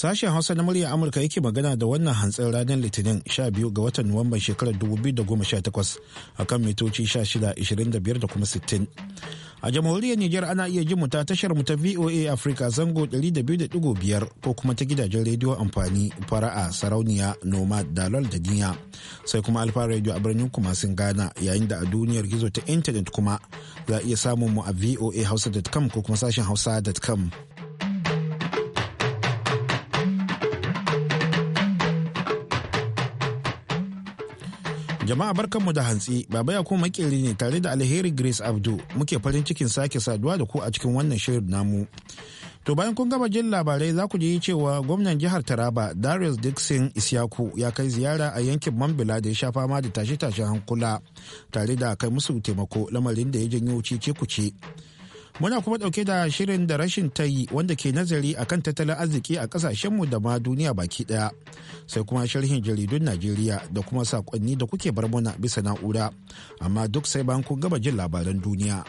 Sashen Hausa na murya Amurka yake magana da wannan hantsin ranar Litinin 12 ga watan Nuwamban shekarar 2018 a kan mitoci 16, da kuma 60. A jamhuriyar Nijar ana iya jin ta tashar mu ta VOA Africa zango 200.5 ko kuma ta gidajen rediyo amfani fara'a sarauniya noma dalol da Duniya sai kuma alfa rediyo a birnin kumasin Ghana yayin da a duniyar gizo ta intanet kuma za a iya samun mu a VOA Hausa.com ko kuma sashen hausa.com. Jama'a mu da hantsi, Baba ya kuma makeri ne tare da alheri Grace Abdu muke farin cikin sake saduwa da ku a cikin wannan shirin namu. To bayan kun gama jin labarai za ku ji cewa gwamnan jihar Taraba Darius Dixon Isyaku ya kai ziyara a yankin Mambila da ya sha fama da tashe-tashen hankula tare da kai musu taimako lamarin da ya janyo cece kuce. Muna kuma dauke da shirin da rashin ta yi wanda ke nazari a kan tattalin arziki a kasashenmu da ma duniya baki daya Sai kuma sharhin jaridun Najeriya da kuma sakonni da kuke bar muna bisa na'ura. Amma duk sai bayan kun gaba jin labaran duniya.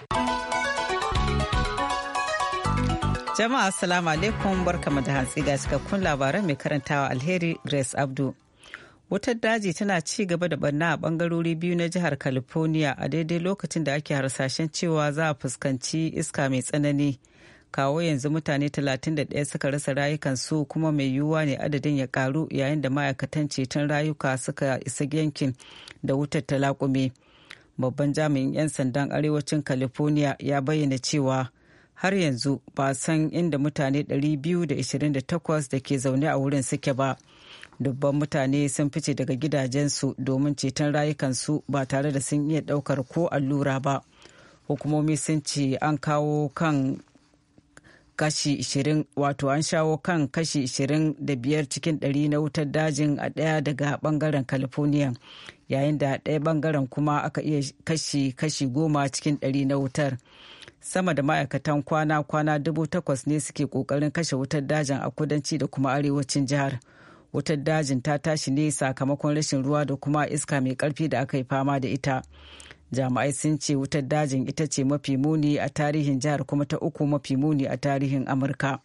Jama'a Assalamu alaikum barkamu da hantsi ga cikakkun labaran mai karantawa alheri Grace Abdu. wutar daji tana ci gaba da barna a bangarori biyu na jihar california a daidai lokacin da ake harsashen cewa za a fuskanci iska mai tsanani kawo yanzu mutane 31 suka rasa rayukansu kuma mai yiwuwa ne adadin ya karu yayin da ma'aikatan ceton rayuka suka isa yankin da wutar ta laƙume babban jami'in 'yan sandan arewacin california ya bayyana cewa har yanzu ba san inda mutane 228 da ke zaune a wurin suke ba. dubban mutane sun fice daga gidajensu domin ceton rayukansu ba tare da sun iya daukar ko allura ba hukumomi sun ce an kawo kan kashi 20 wato an shawo kan kashi 25 cikin 100 na wutar dajin a ɗaya daga bangaren california yayin da ɗaya bangaren kuma aka iya kashi kashi 10 cikin 100 na wutar sama da ma'aikatan kwana-kwana dubu takwas ne suke kokarin kashe wutar dajin a kudanci da kuma arewacin jihar wutar dajin ta tashi ne sakamakon rashin ruwa da kuma iska mai karfi da aka yi fama da ita jami'ai sun ce wutar dajin ita ce mafi muni a tarihin jihar kuma ta uku mafi muni a tarihin amurka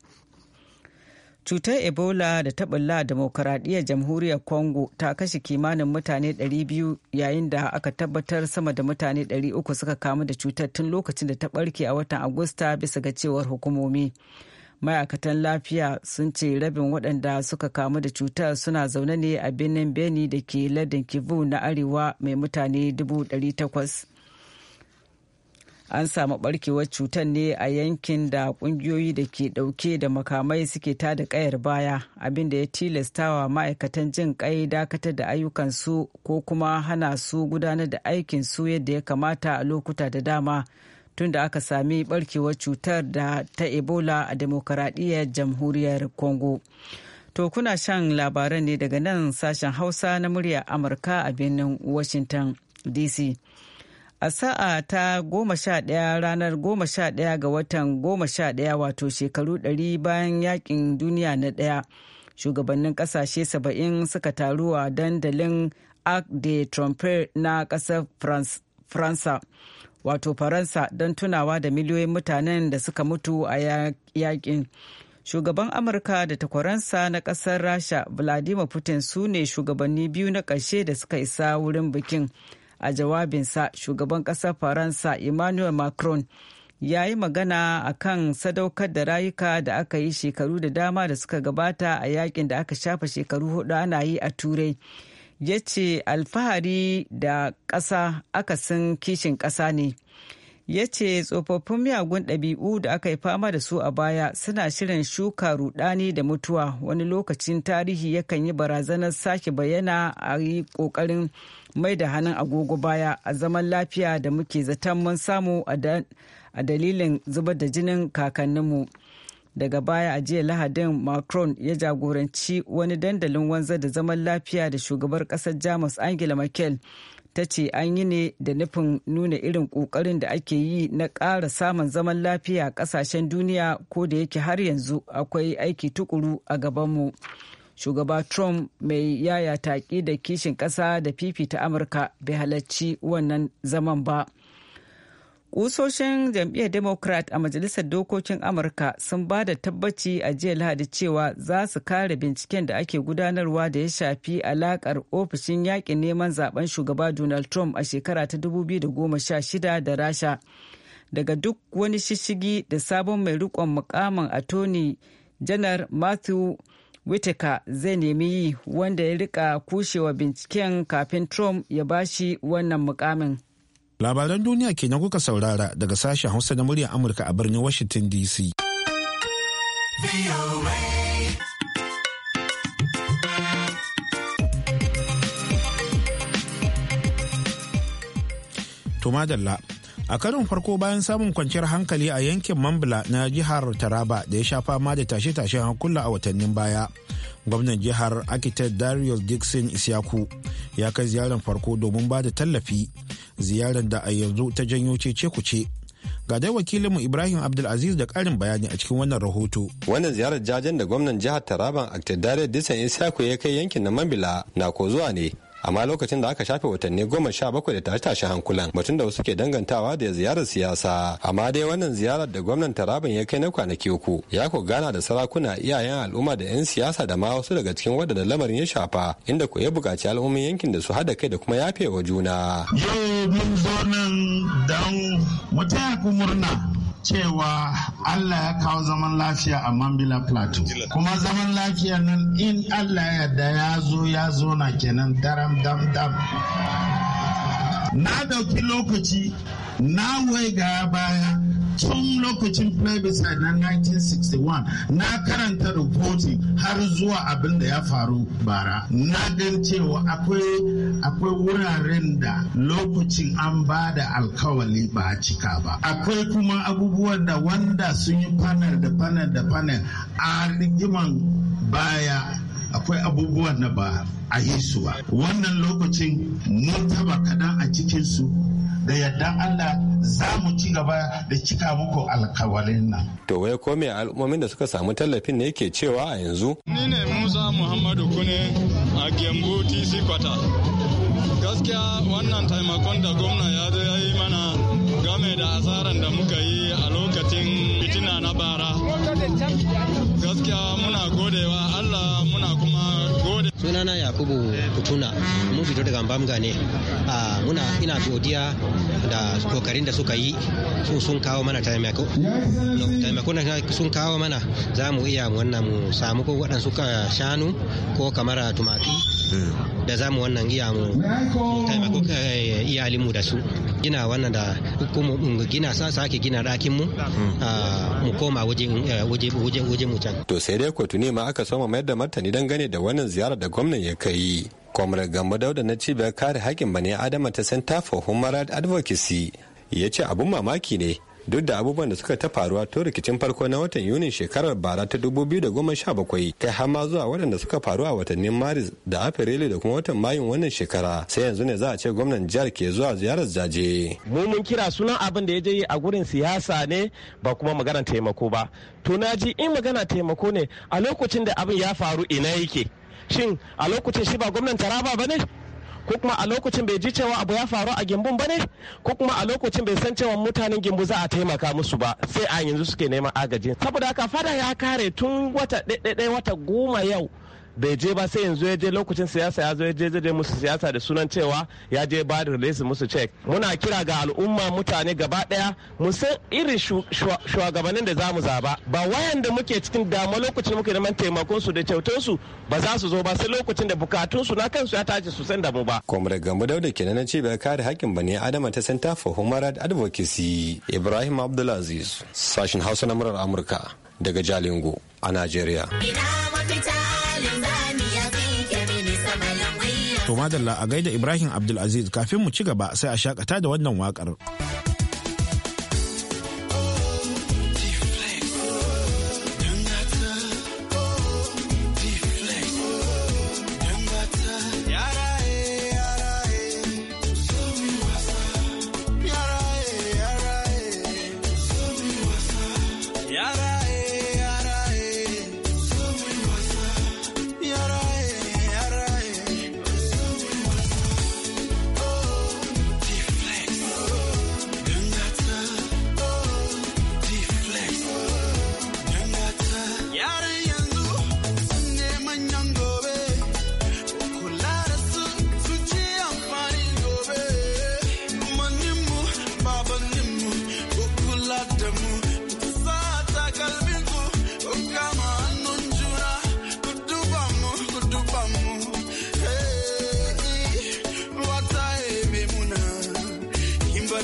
cutar ebola da taɓulla demokaradiyyar jamhuriyar congo ta kashe kimanin mutane 200 yayin da aka tabbatar sama da mutane 300 suka kamu da cutar tun lokacin da ta ɓarke a watan agusta bisa ga cewar hukumomi ma'aikatan lafiya sun ce rabin waɗanda suka kamu da cutar suna zaune ne a birnin beni da ke ladin kivu na arewa mai mutane 800 an samu barkewar cutar ne a yankin da kungiyoyi da ke ɗauke da makamai suke tada ƙayar baya abin da ya tilastawa ma'aikatan jin kai dakatar da ayyukansu ko kuma hana su gudanar da aikinsu yadda ya kamata a lokuta da dama tun da aka sami barkewar cutar da ta ebola a demokaradiyyar jamhuriyar congo to kuna shan labaran ne daga nan sashen hausa na murya amurka a birnin washington dc a sa'a ta goma sha ɗaya ranar goma sha ɗaya ga watan goma sha ɗaya wato shekaru ɗari bayan yakin duniya na ɗaya shugabannin ƙasashe saba'in suka taru a dandalin arc de trompe na ƙasar faransa wato faransa don tunawa da miliyoyin mutanen da suka mutu a yakin shugaban amurka da takwaransa na kasar rasha vladimir putin su ne shugabanni biyu na ƙarshe da suka isa wurin bikin a jawabinsa shugaban ƙasar faransa emmanuel macron ya yi magana a kan sadaukar da rayuka da aka yi shekaru da dama da suka gabata a yakin da aka shafa shekaru hudu ana yi a turai ya ce alfahari da ƙasa akasin kishin ƙasa ne ya ce tsofaffin miyagun ɗabi'u da aka yi fama da su a baya suna shirin shuka rudani da mutuwa wani lokacin tarihi yakan yi barazanar sake bayyana a yi ƙoƙarin mai da hannun agogo baya a zaman lafiya da muke zaton mun samu a dalilin zubar da jinin kakanninmu. daga baya a jiya lahadin macron ya jagoranci wani dandalin wanza da zaman lafiya da shugabar kasar jamus angela merkel ta ce an yi ne da nufin nuna irin kokarin da ake yi na ƙara samun zaman lafiya a ƙasashen duniya ko da yake har yanzu akwai aiki tukuru a gabanmu shugaba trump mai yaya taƙi da kishin ƙasa da fifita amurka bai halarci wannan zaman ba kusoshin jam'iyyar democrat a majalisar dokokin amurka sun ba da tabbaci a jiya lahadi cewa za su kare binciken da ake gudanarwa da ya shafi alakar ofishin yakin neman zaben shugaba donald trump a shekara ta 2016 da rasha daga duk wani shishigi da sabon mai rikon mukamin attorney janar matthew whitaker zai nemi yi wanda ya rika kushewa binciken kafin trump ya bashi wannan mukamin. Labaran duniya kenan kuka saurara daga sashen Hausa na muryar Amurka a birnin Washington DC. Tumadalla a karin farko bayan samun kwanciyar hankali a yankin Mambila na jihar Taraba da ya sha fama da tashe-tashen hankula a watannin baya. gwamnan jihar architect darius dixon isyaku ya kai ziyarar farko domin ba da tallafi ziyarar da a yanzu ta janyo cece kuce ga dai wakilinmu ibrahim abdulaziz da karin bayani a cikin wannan rahoto wannan ziyarar jajen da gwamnan jihar taraban aktadare disan isaku ya kai yankin na mambila na ko zuwa ne amma lokacin da aka shafe watanni goma sha bakwai da tashe hankulan batun da wasu ke dangantawa da ziyarar siyasa amma dai wannan ziyarar da gwamnan taraban ya kai na kwanaki uku ya ko gana da sarakuna iyayen al'umma da 'yan siyasa da ma wasu daga cikin wadanda lamarin ya shafa inda ko ya buƙaci al'ummin yankin da su hada kai da kuma yafe wa juna. yau mun zo nan don mu taya murna cewa Allah ya kawo zaman lafiya a Mambila Plateau. Kuma zaman lafiya nan in Allah ya da ya zo ya zo na kenan daram dam dam. Na dauki lokaci na waiga baya. tun lokacin plebiscite na 1961 na karanta reporting har zuwa abin da ya faru bara na gan cewa akwai wuraren da lokacin an ba da alkawali ba a cika ba akwai kuma abubuwan da wanda sun yi panel da panel da panel a rigiman baya akwai abubuwan da ba a yi su ba wannan lokacin mun taba kadan a cikinsu da yadda Allah za mu ci gaba da cika muku alkawarin nan. To wai ko me al'ummomin da suka samu tallafin ne ke cewa a yanzu? Ni ne Musa Muhammadu Kune a Gembu TC Kwata. Gaskiya wannan taimakon da gwamna ya zo ya yi mana game da asaran da muka yi a lokacin fitina na bara. Gaskiya muna godewa Allah muna kuma sunana yakubu kutuna mun fito daga bamga ne ah, muna ina godiya da kokarin da suka yi sun kawo mana taimako na sun kawo mana za mu iya wannan mu samu ko waɗansu shanu ko kamar tumaki da za mu wannan iya mu taimako eh, iyalin mu da su gina wannan da kuma gina sa sake gina ɗakin mu mm. ah, mu koma eh, waje mu can. To sai dai kotu ne ma aka soma mayar da martani dangane da wannan ziyara da gwamnan ya kai. Kwamrar Gambo Dauda na cibiyar kare hakkin bani Adama ta Center for Human Rights Advocacy ya ce abun mamaki ne duk da abubuwan da suka ta faruwa tun rikicin farko na watan yunin shekarar bara ta 2017 kai har ma zuwa waɗanda suka faru a watannin maris da afrilu da kuma watan mayun wannan shekara sai yanzu ne za a ce gwamnan jihar ke zuwa ziyarar jaje. mu mun kira sunan abin da ya je a gurin siyasa ne ba kuma magana taimako ba to na ji in magana taimako ne a lokacin da abin ya faru ina yake shin a lokacin shi ba gwamnan taraba ba ne ko kuma a lokacin bai ji cewa abu ya faru a gimbun ba ne ko kuma a lokacin bai san cewa mutanen gimbu za a taimaka musu ba sai a yanzu suke neman agaji saboda haka fada ya kare tun wata ɗaiɗaiɗai wata goma yau bai je ba sai yanzu ya je lokacin siyasa ya zo ya je zai musu siyasa da sunan cewa ya je ba da release musu check muna kira ga al'umma mutane gaba daya mu san irin shugabannin da zamu zaba ba wayan da muke cikin damuwa lokacin muke neman taimakon su da kyautar su ba za su zo ba sai lokacin da bukatun su na kansu ya tashi su san da mu ba comrade gambo dauda kenan na bai kare hakkin bani adama ta center for human rights advocacy ibrahim abdulaziz sashin hausa na murar amurka daga jalingo a nigeria. ina To madalla a gaida Ibrahim Abdulaziz kafin mu ci gaba sai a shakata da wannan waƙar.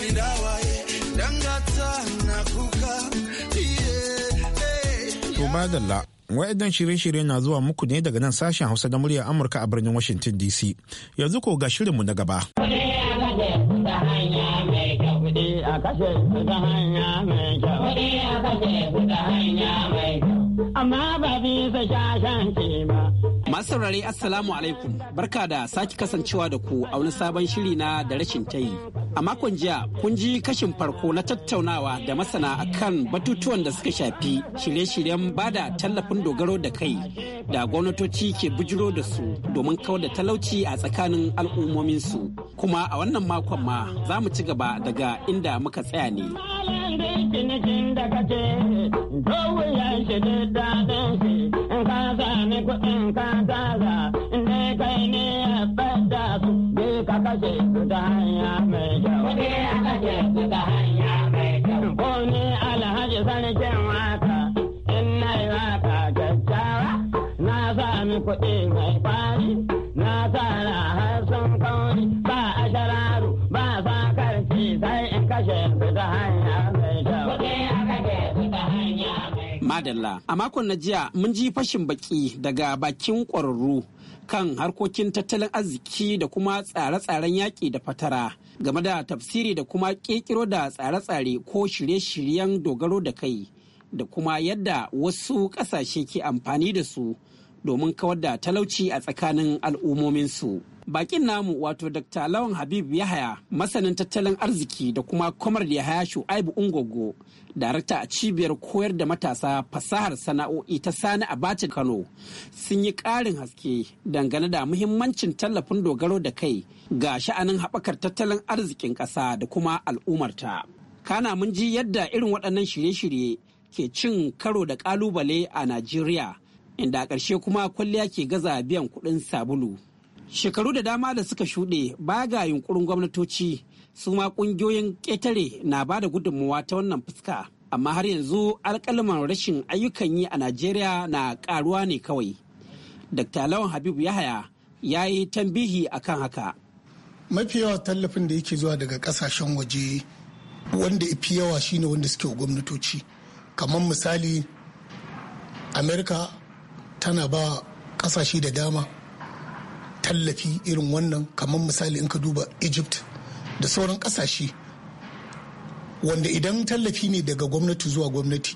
mini da dan gata na kuka eh. to madalla wa'idan shirye-shirye na zuwa muku ne daga nan sashen hausa da muryar amurka a birnin washington dc yanzu ko ga shirinmu na gaba amma ba bisa shashen ba Masu saurare Assalamu alaikum barka da sake kasancewa da ku a wani sabon shiri na da rashin tayi. A makon jiya kun ji kashin farko na tattaunawa da masana a kan batutuwan da suka shafi shirye-shiryen ba da tallafin dogaro da kai da gwamnatoci ke bujiro da su domin kawar da talauci a tsakanin al'ummominsu. Kuma a wannan makon ma za mu ci gaba daga inda muka tsaya ne. kashe a alhaji waka, waka kyakkyawa, na sami kuɗi mai na tsara ba ba sa sai kashe hanya mai kyau. a Madalla, a makon na jiya mun ji fashin baki daga bakin ƙwararru. kan harkokin tattalin arziki da kuma tsare-tsaren yaƙi da fatara game da tafsiri da kuma ƙirƙiro da tsare-tsare ko shirye-shiryen dogaro da kai da kuma yadda wasu ƙasashe ke amfani da su domin kawar da talauci a tsakanin al'ummominsu. Bakin namu wato Dr. Lawan Habib Yahaya, masanin tattalin arziki da kuma Kwamar Yahaya Shu'aibu Ungogo, darakta a cibiyar koyar da matasa fasahar sana'o'i ta Sani a Bacin Kano, sun yi ƙarin haske dangane da muhimmancin tallafin dogaro da kai ga sha'anin haɓakar tattalin arzikin ƙasa da kuma al'ummarta. Kana mun ji yadda irin waɗannan shirye-shirye ke cin karo da ƙalubale a Najeriya. inda a ƙarshe kuma kwalliya ke gaza biyan kuɗin sabulu. Shekaru da dama da suka shuɗe ba ga yunkurin gwamnatoci su ma ƙungiyoyin ƙetare na ba da gudunmawa ta wannan fuska. Amma har yanzu alƙalman rashin ayyukan yi a Najeriya na ƙaruwa ne kawai. Dr. Lawan Habibu Yahaya ya yi tambihi akan haka. Mafi yawa tallafin da yake zuwa daga ƙasashen waje wanda ifi yawa shine wanda suke gwamnatoci. Kamar misali Amerika tana ba kasashe da dama tallafi irin wannan kamar misali in ka duba egypt da sauran kasashe wanda idan tallafi ne daga gwamnati zuwa gwamnati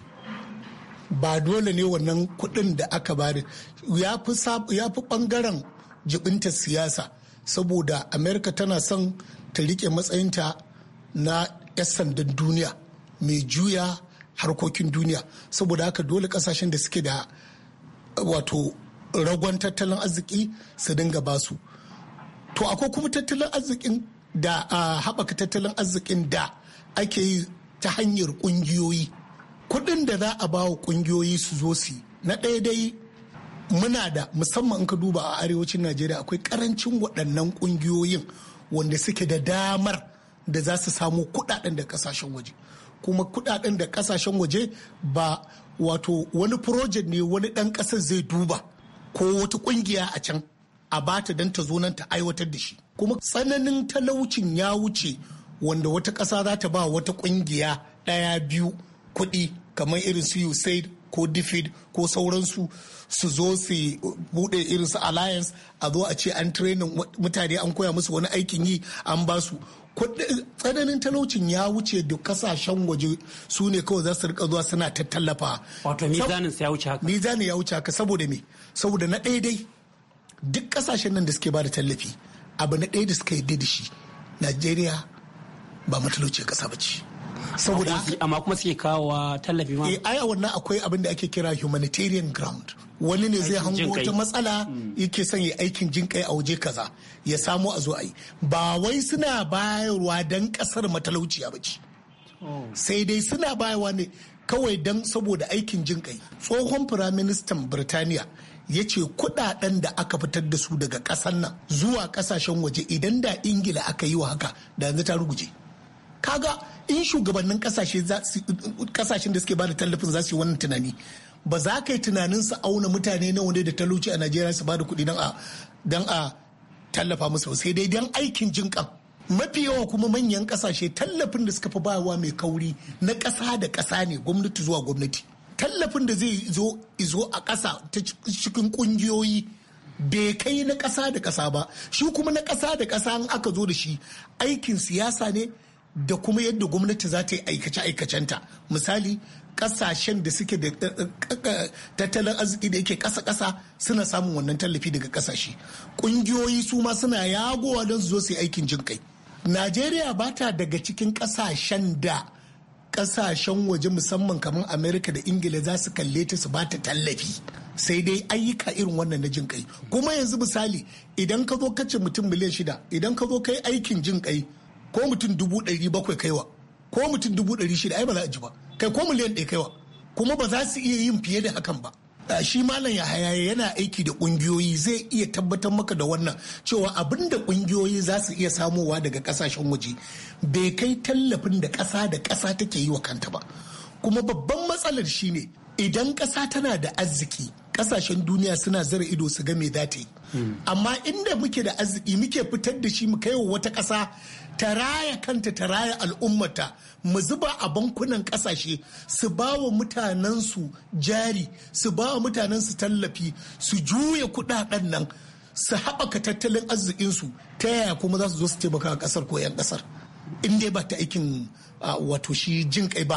ba dole ne wannan kuɗin da aka bari ya fi ɓangaren jibinta siyasa saboda amerika tana son ta rike matsayinta na 'yan sandan duniya mai juya harkokin duniya saboda haka dole kasashen da suke da wato ragon tattalin arziki su dinga basu to akwai kuma tattalin arzikin da a haɓaka tattalin arzikin da ake yi ta hanyar ƙungiyoyi kuɗin da za a bawa ƙungiyoyi su zo su na ɗaya dai muna da musamman in ka duba a arewacin najeriya akwai ƙarancin waɗannan ƙungiyoyin wanda suke da damar da za su samu kuɗaɗen da ƙasashen waje kuma kuɗaɗen da ƙasashen waje ba wato wani project ne wani ɗan ƙasar zai duba ko wata ƙungiya a can a bata don ta zo nan ta aiwatar da shi kuma tsananin talaucin ya wuce wanda wata ƙasa za ta ba wata ƙungiya ɗaya biyu kuɗi kamar irin su USAID ko defeat ko sauransu su zo su bude irin su alliance a zo a ce an training mutane an koya musu wani aikin yi an ba su tsananin talaucin ya wuce duk kasashen waje su ne kawai za su rika zuwa suna ta tallafa wato mizanin ya wuce haka mizanin ya wuce haka saboda me saboda na ɗaya dai duk kasashen nan da suke ba da tallafi abu na ɗaya da suka yadda da shi najeriya ba matalauci kasa ba ce saboda amma kuma suke kawo tallafi ma eh ai wannan akwai abin da ake kira humanitarian ground wani ne zai hango wata matsala mm. yake son ya aikin jin kai a waje kaza ya samu a zo a yi ba wai suna bayarwa don kasar matalauciya ba ce oh. sai dai suna bayarwa ne kawai don saboda aikin jin kai tsohon firaministan birtaniya ya ce kudaden da aka fitar da su daga ƙasar nan zuwa ƙasashen waje idan da ingila aka yi wa haka da yanzu ta ruguje kaga in shugabannin kasashen da suke ba da tallafin za su yi wannan tunani ba za ka yi tunanin su auna mutane nawa ne da talauci a najeriya su bada da kuɗi don a tallafa musu sai dai don aikin jinƙa mafi yawa kuma manyan ƙasashe tallafin da suka fi bawa mai kauri na ƙasa da ƙasa ne gwamnati zuwa gwamnati tallafin da zai zo a ƙasa ta cikin ƙungiyoyi bai kai na ƙasa da ƙasa ba shi kuma na ƙasa da ƙasa in aka zo da shi aikin siyasa ne da kuma yadda gwamnati za ta yi aikace-aikacenta misali kasashen da suke da eh, eh, tattalin arziki da yake kasa kasa suna samun wannan tallafi daga kasashe kungiyoyi su ma suna yagowa don su zo su yi aikin jin kai najeriya ba ta daga cikin kasashen da kasashen waje musamman kamar amerika da ingila za su kalle ta su ba ta tallafi sai dai ayyuka irin wannan na jin kai kuma yanzu misali idan ka zo kace mutum miliyan shida idan ka zo kai aikin jin kai ko mutum dubu ɗari bakwai kaiwa ko mutum dubu ɗari shida ai ba za a ji ba kai ko miliyan ɗaya kaiwa kuma ba za su iya yin fiye da hakan ba shi malam yahaya yana aiki da ƙungiyoyi zai iya tabbatar maka da wannan cewa abin da kungiyoyi za su iya samowa daga kasashen waje bai kai tallafin da ƙasa da ƙasa take yi wa kanta ba kuma babban matsalar shi ne idan ƙasa tana da arziki ƙasashen duniya suna zara ido su ga me za ta yi hmm. amma inda muke da arziki muke fitar da shi mu kai wa wata ƙasa ta raya kanta ta raya al'ummata mu zuba a bankunan kasashe su ba wa mutanensu jari su ba wa mutanensu tallafi su juya kudaden nan su haɓaka tattalin arzikinsu ta yaya kuma za su zo su taimaka a ƙasar ko 'yan ƙasar in dai ba ta aikin wato shi jin kai ba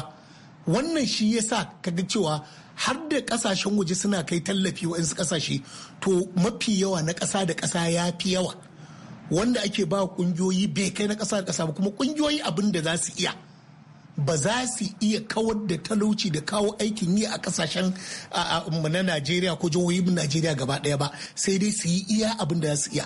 wannan shi ya sa kaga cewa har da kasashen waje suna kai tallafi wa'insu kasashe to mafi yawa na ƙasa da ƙasa ya fi yawa wanda ake ba kungiyoyi bai kai na ƙasa da ƙasa ba kuma kungiyoyi abin da za su iya ba za su iya kawar da talauci da kawo aikin yi a kasashen na Najeriya ko jihohin Najeriya gaba ɗaya ba sai dai su yi iya abin da za su iya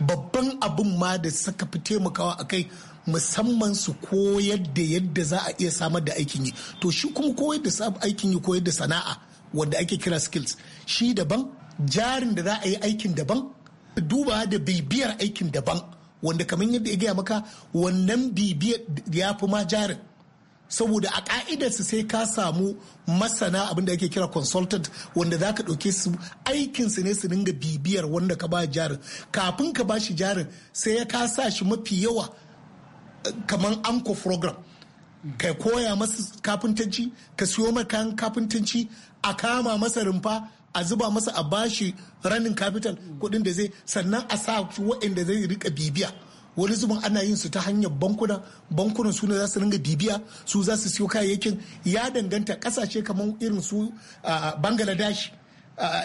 babban abin ma da suka fi taimakawa a kai musamman su koyar da yadda za a iya samar da aikin yi to shi kuma koyar da aikin yi koyar da sana'a wanda ake kira skills shi daban jarin da za a yi aikin daban duba da bibiyar aikin daban wanda kamar yadda ya gaya maka wannan bibiyar ya fi ma jarin saboda a ka'idarsu sai ka samu masana abinda ake kira consultant wanda za ka ɗauke su aikinsu ne su dinga bibiyar wanda ka ba jarin kafin ka ba shi jarin sai ya ka sa shi mafi yawa eh, kamar anko program ka koya masa kafintanci ka siyo kayan kafintanci a kama masa rumfa a zuba masa a bashi ranin capital kuɗin da zai sannan a sa waɗanda zai rika bibiya wani zubin ana yin su ta hanyar bankuna bankunan su ne za su ringa bibiya su za su siyo kayayyakin ya danganta kasashe kamar irin su bangladesh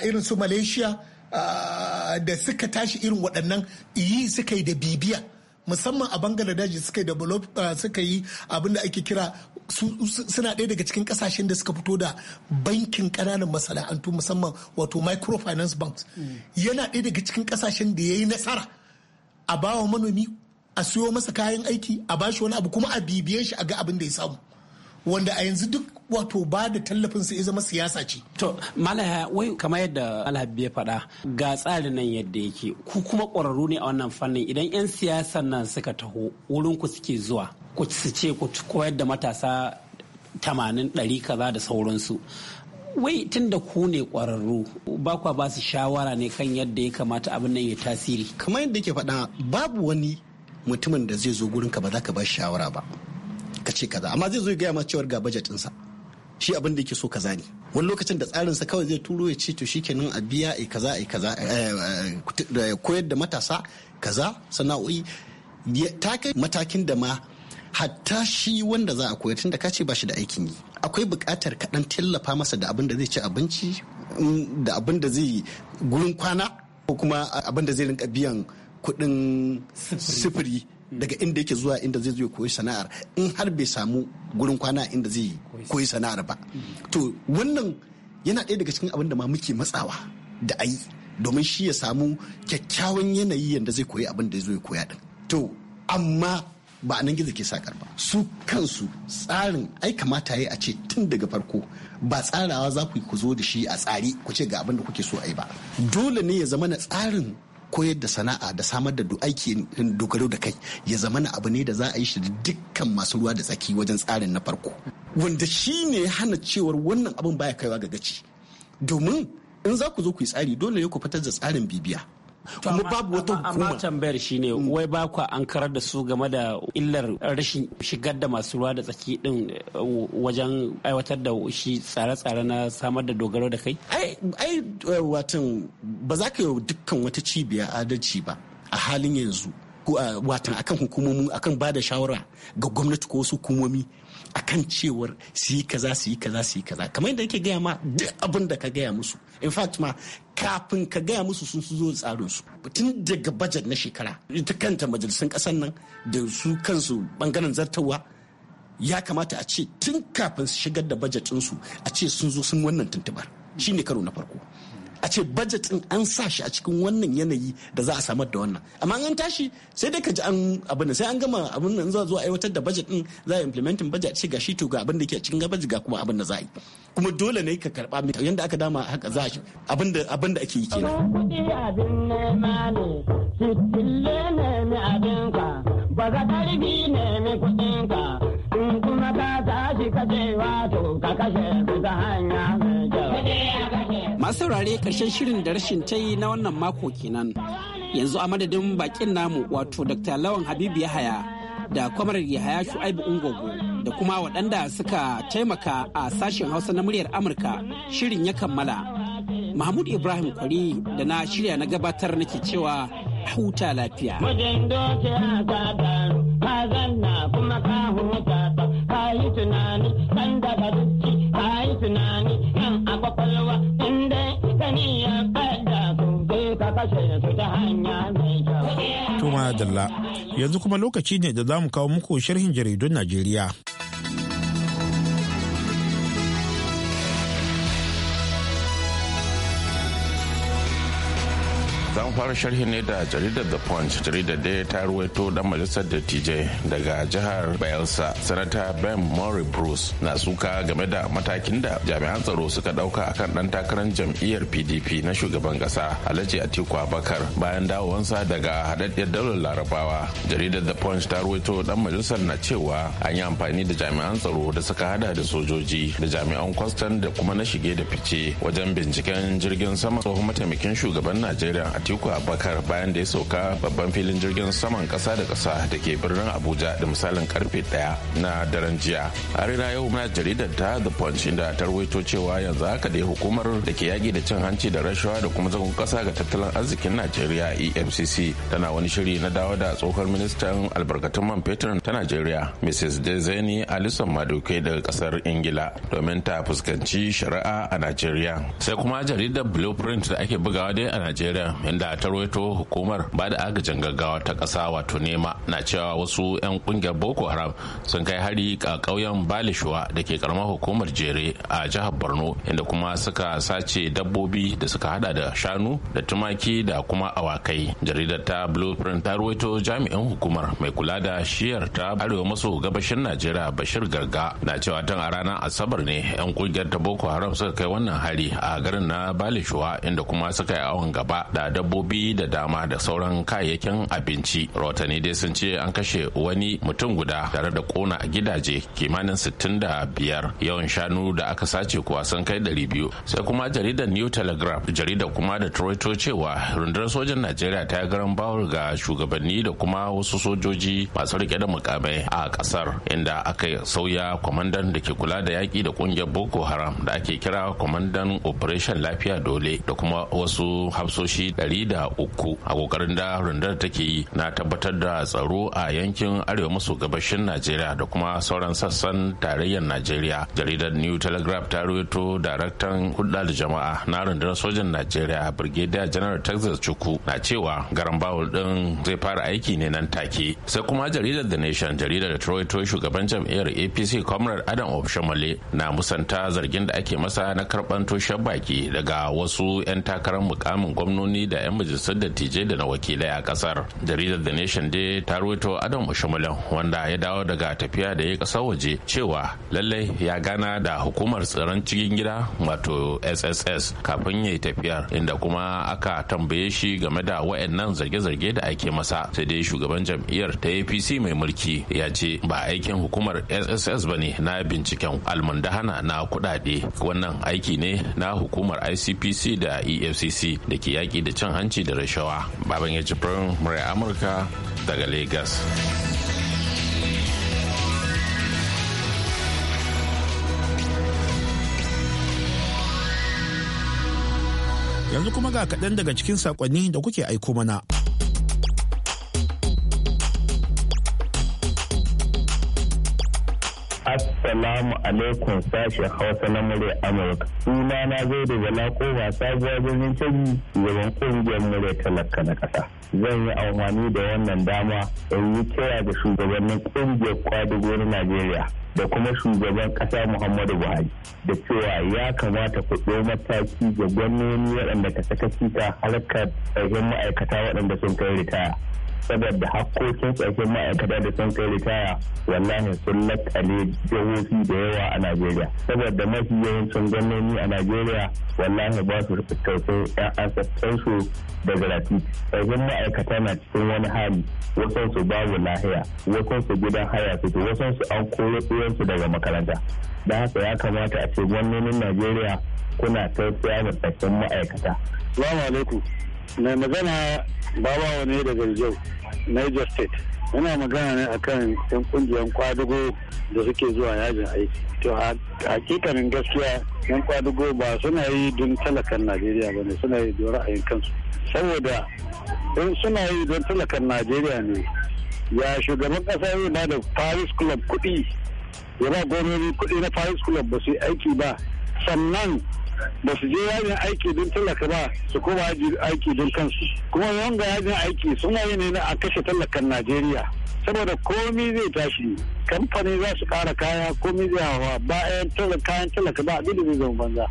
irin su malaysia da suka tashi irin waɗannan yi suka yi da bibiya musamman a bangladesh suka yi suka yi abin da ake kira suna ɗaya daga cikin kasashen da suka fito da bankin ƙananan masana'antu musamman wato microfinance banks yana ɗaya daga cikin kasashen da ya yi nasara a bawa manomi a siyo masa kayan aiki a ba shi wani abu kuma a bibiye shi a ga abin da ya samu wanda a yanzu duk wato ba da tallafin su ya zama siyasa ce. To, Malaya, wai kamar yadda Alhabi ya faɗa ga tsarin nan yadda yake, ku kuma ƙwararru ne a wannan fannin idan 'yan siyasan nan suka taho wurin ku suke zuwa. ku ku koyar da matasa tamanin ɗari kaza da sauransu wai tun da ku ne kwararru ba kwa ba su shawara ne kan yadda ya kamata abin nan ya tasiri kamar yadda ke faɗa babu wani mutumin da zai zo gurin ka ba za ka ba shawara ba ka ce kaza amma zai zo gaya ma cewar ga bajet sa shi abin da yake so kaza ne wani lokacin da tsarinsa kawai zai turo ya ce to shi kenan a biya a kaza a kaza eh, eh, eh, koyar da matasa kaza sana'o'i ta kai matakin da ma hatta shi wanda za a koya tunda ka ce ba shi da aikin yi akwai buƙatar kaɗan tallafa masa da abin da zai ci abinci mm, da abin da zai gurin kwana ko kuma abin da zai rinka biyan kuɗin sifiri daga inda yake zuwa inda zai zuwa koyi sana'ar in har bai samu gurin kwana inda zai koyi sana'ar ba to wannan yana ɗaya daga cikin abin da ma muke matsawa da ayi domin shi ya samu kyakkyawan yanayi yadda zai koyi abin da zai koya din to amma ba a nan gizo ke sakar ba su kansu tsarin ai kamata ya a ce tun daga farko ba tsarawa za ku ku zo da shi a tsari ku ce ga abin da kuke so a ba dole ne ya zama na tsarin koyar da sana'a da samar da aiki dogaro da kai ya zama na abu ne da za a yi shi da dukkan masu ruwa da tsaki wajen tsarin na farko wanda shi ne hana cewar wannan abin baya kaiwa ga gaci domin in za ku zo ku yi tsari dole ne ku fitar da tsarin bibiya kuma babu wata hukuma amma tambayar shine mm. wai ba ku an karar da su game da illar rashin shigar da masu ruwa da tsaki din uh, wajen aiwatar da shi tsare-tsare na samar da dogaro da kai ai watan ba za ka yi dukkan wata cibiya adalci ba a halin yanzu uh, watan akan hukumomi akan ba da shawara ga gwamnati ko wasu hukumomi akan cewar su yi kaza su yi kaza su yi kaza kamar yadda yake gaya ma duk abin da ka gaya musu in fact ma kafin ka gaya musu sun su zo tsarin su tun daga bajet na shekara ita kanta majalisun ƙasar nan da su kansu bangaren zartawa ya kamata a ce tun kafin su shigar da bajet ɗinsu a ce sun zo sun wannan tuntubar shine karo na farko a ce budget din an sa shi a cikin wannan yanayi da za a samar da wannan amma an tashi sai dai ka ji an abin sai an gama abin nan za zuwa aiwatar da budget din za a implementing budget ce gashi to ga abin da ke cikin budget ga kuma abin da za a yi kuma dole ne ka karba mai yanda aka dama haka za a shi abin da abin da ake yi kenan ba za karbi nemi kuɗinka in kuma ka tashi ka ce wato ka kashe su ta hanya mai kyau. masu saurare karshen shirin da rashin ta yi na wannan mako kenan yanzu a madadin bakin namu wato dr lawan habibu yahaya da kwamar yahaya shu'aibu ungogo da kuma waɗanda suka taimaka a sashen hausa na muryar amurka shirin ya kammala mahmud ibrahim kwari da na shirya na gabatar nake cewa huta lafiya tunani, tunani, yan akwakwalwa kwakwalwa, inda Tuma Dalla, yanzu kuma lokaci ne da za mu kawo muku sharhin jaridun Najeriya. za mu fara sharhi ne da jaridar the punch jaridar da ta ruwaito dan majalisar dattijai daga jihar bayelsa sanata ben murray bruce na suka game da matakin da jami'an tsaro suka dauka akan dan takarar jam'iyyar pdp na shugaban kasa alhaji atiku abakar bayan dawowansa daga hadaddiyar daular larabawa jaridar the punch ta ruwaito dan majalisar na cewa an yi amfani da jami'an tsaro da suka hada da sojoji da jami'an kwastan da kuma na shige da fice wajen binciken jirgin sama tsohon mataimakin shugaban najeriya atiku abubakar bayan da ya sauka babban filin jirgin saman kasa da kasa da ke birnin abuja da misalin karfe daya na daren jiya arira yau muna jaridar ta the punch inda ta rawaito cewa yanzu haka dai hukumar da ke yaki da cin hanci da rashawa da kuma zagon kasa ga tattalin arzikin najeriya emcc tana wani shiri na dawo da tsohon ministan albarkatun man fetur ta najeriya mrs dezeni alison maduke daga kasar ingila domin ta fuskanci shari'a a najeriya sai kuma jaridar blueprint da ake bugawa dai a najeriya da ta roito hukumar ba da agajin gaggawa ta ƙasa wato nema na cewa wasu 'yan kungiyar boko haram sun kai hari a ƙauyen balishuwa da ke karamar hukumar jere a jihar borno inda kuma suka sace dabbobi da suka hada da shanu da tumaki da kuma awakai jaridar ta blueprint ta ruwaito jami'in hukumar mai kula da shiyar ta arewa maso gabashin najeriya bashir garga na cewa tun a ranar asabar ne 'yan kungiyar ta boko haram suka kai wannan hari a garin na balishuwa inda kuma suka yi awon gaba da dabbobi da dama da sauran kayayyakin abinci rotani dai sun ce an kashe wani mutum guda tare da kona a gidaje kimanin 65 yawan shanu da aka sace kuwa sun kai 200 sai kuma jaridar new telegraph jaridar kuma da troito cewa rundunar sojan najeriya ta garan bawar ga shugabanni da kuma wasu sojoji masu rike da mukamai a kasar inda aka sauya kwamandan da ke kula da yaki da kungiyar boko haram da ake kira kwamandan operation lafiya dole da kuma wasu hafsoshi uku a kokarin da rundunar take yi na tabbatar da tsaro a yankin arewa maso gabashin najeriya da kuma sauran sassan tarayyar najeriya jaridar new telegraph ta rawaito daraktan hulɗa da jama'a na rundunar sojan najeriya brigadier general texas chuku na cewa garan bawul din zai fara aiki ne nan take sai kuma jaridar the nation jaridar da rawaito shugaban jam'iyyar apc comrade adam obshamale na musanta zargin da ake masa na karɓan toshen baki daga wasu 'yan takarar mukamin gwamnoni da da 'yan majalisar dattijai da na wakilai a kasar jaridar the nation dai ta ruwaito adam ushimulan wanda ya dawo daga tafiya da ya kasar waje cewa lallai ya gana da hukumar tsaron cikin gida wato sss kafin ya yi tafiyar inda kuma aka tambaye shi game da wayannan zarge-zarge da ake masa sai dai shugaban jam'iyyar ta apc mai mulki ya ce ba aikin hukumar sss ba ne na binciken almundahana na kudade wannan aiki ne na hukumar icpc da efcc da ke yaki da can. cin hanci da rashawa baban ya jibrin murya amurka daga lagos yanzu kuma ga kaɗan daga cikin saƙonni da kuke aiko mana. Assalamu alaikum sashen Hausa na murya Amurka. Suna na zai da bala ba sabuwa birnin canji gaban kungiyar murya talaka na ƙasa. Zan yi amfani da wannan dama in yi kira da shugabannin kungiyar kwadugo na Najeriya da kuma shugaban ƙasa Muhammadu Buhari da cewa ya kamata ku ɗau mataki ga gwamnoni waɗanda ka saka ta harkar ɗaukin ma'aikata waɗanda sun kai ritaya. saboda hakkokin tsakin ma'aikata da sun kai ritaya wallahi sun lakale jihohi da yawa a najeriya saboda mafi yawancin gwamnoni a najeriya wallahi ba su tausayin yan asassansu da zarafi tsakin ma'aikata na cikin wani hali wasan su babu lahiya wasan su gidan haya suke wasan su an koro tsoyonsu daga makaranta da haka ya kamata a ce gwamnonin najeriya kuna tausaya da tsakin ma'aikata. Salamu alaikum. mai magana babawa ne da jau niger state yana magana ne akan yan kungiyar kwadugo da suke zuwa yajin aiki to hakikanin gaskiya yan kwadugo ba suna yi don talakan najeriya ba ne suna yi don ra'ayin kansu saboda in suna yi don talakan najeriya ne ya shugaban kasa yi ba da paris club kuɗi ya ba gwamnati kuɗi na paris club ba su yi aiki ba sannan ba su je yajin aiki don tallaka ba su koma aiki don kansu kuma wanga yajin aiki suna yi ne na a kashe tallakan najeriya saboda komi zai tashi kamfani za su kara kaya komi zai hawa bayan kayan tallaka ba abin da zai zama banza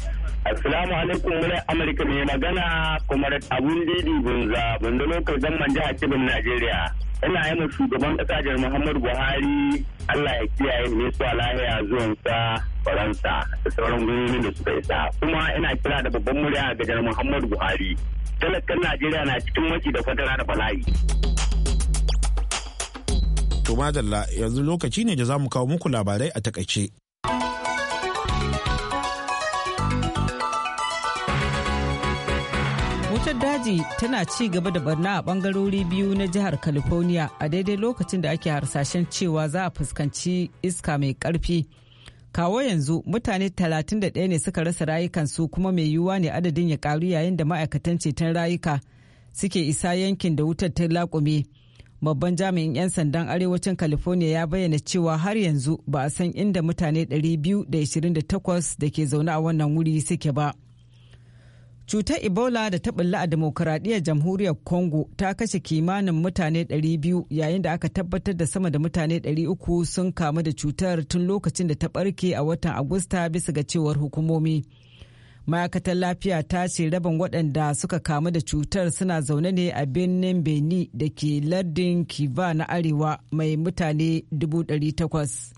Assalamu alaikum wani Amurka mai magana kuma da abun didi banza bunda lokal zaman jihar Kebbi Najeriya. Ina yi shugaban kasa Muhammadu Buhari Allah ya kiyaye ne su lahiya zuwansa faransa da sauran gwamnoni da suka isa kuma ina kira da babban murya ga janar muhammadu buhari talakan najeriya na cikin maci da kwadara da bala'i to madalla yanzu lokaci ne da za mu kawo muku labarai a takaice wutar daji tana ci gaba da barna a bangarori biyu na jihar california a daidai lokacin da ake harsashen cewa za a fuskanci iska mai karfi kawo yanzu mutane 31 ne suka rasa rayukansu kuma mai yiwuwa ne adadin ya karu yayin da ma'aikatan ceton rayuka suke isa yankin da wutar ta laƙume babban jami'in 'yan sandan arewacin california ya bayyana cewa har yanzu ba a san inda mutane 228 da ke zaune a wannan wuri suke ba. cutar ebola da ta bulla a demokuraɗiyyar jamhuriyar congo ta kashe kimanin mutane 200 yayin da aka tabbatar da sama da mutane 300 sun kamu da cutar tun lokacin da ta ɓarke a watan agusta bisa ga cewar hukumomi ma'aikatar lafiya ta ce rabin waɗanda suka kamu da cutar suna zaune ne a birnin beni da ke lardin kiva na arewa mai mutane 800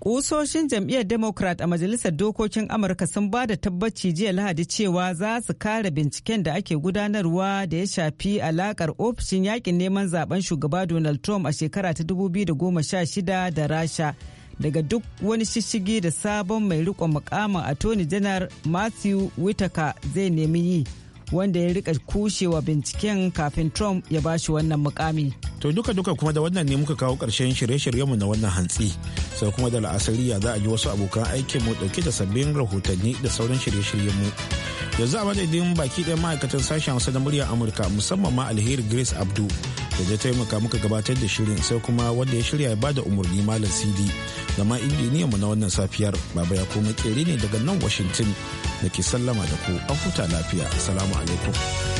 Kusoshin jam'iyyar Democrat a Majalisar Dokokin Amurka sun ba da tabbaci jiya Lahadi cewa za su kare binciken da ake gudanarwa da ya shafi alakar ofishin yakin neman zaben shugaba Donald Trump a shekara ta 2016 da Rasha daga duk wani shishigi da sabon mai rikon mukamin Attorney janar Matthew Whitaker zai nemi yi. wanda ya rika kushewa binciken kafin Trump ya ba shi wannan mukami. To duka-duka kuma da wannan ne muka kawo ƙarshen shirye-shiryenmu na wannan hantsi. Sai kuma da ya za a ji wasu abokan mu ɗauke da sabbin rahotanni da sauran shirye-shiryenmu. Yanzu a madadin baki ɗaya ma'aikatan sashen Hausa na muryar Amurka musamman ma alheri Grace Abdu. da ta taimaka muka gabatar da shirin sai kuma wanda ya shirya ya bada umarni malam cd zama ma mu na wannan safiyar baba ya koma kere ne daga nan washington da ke sallama da ku an huta lafiya assalamu alaikum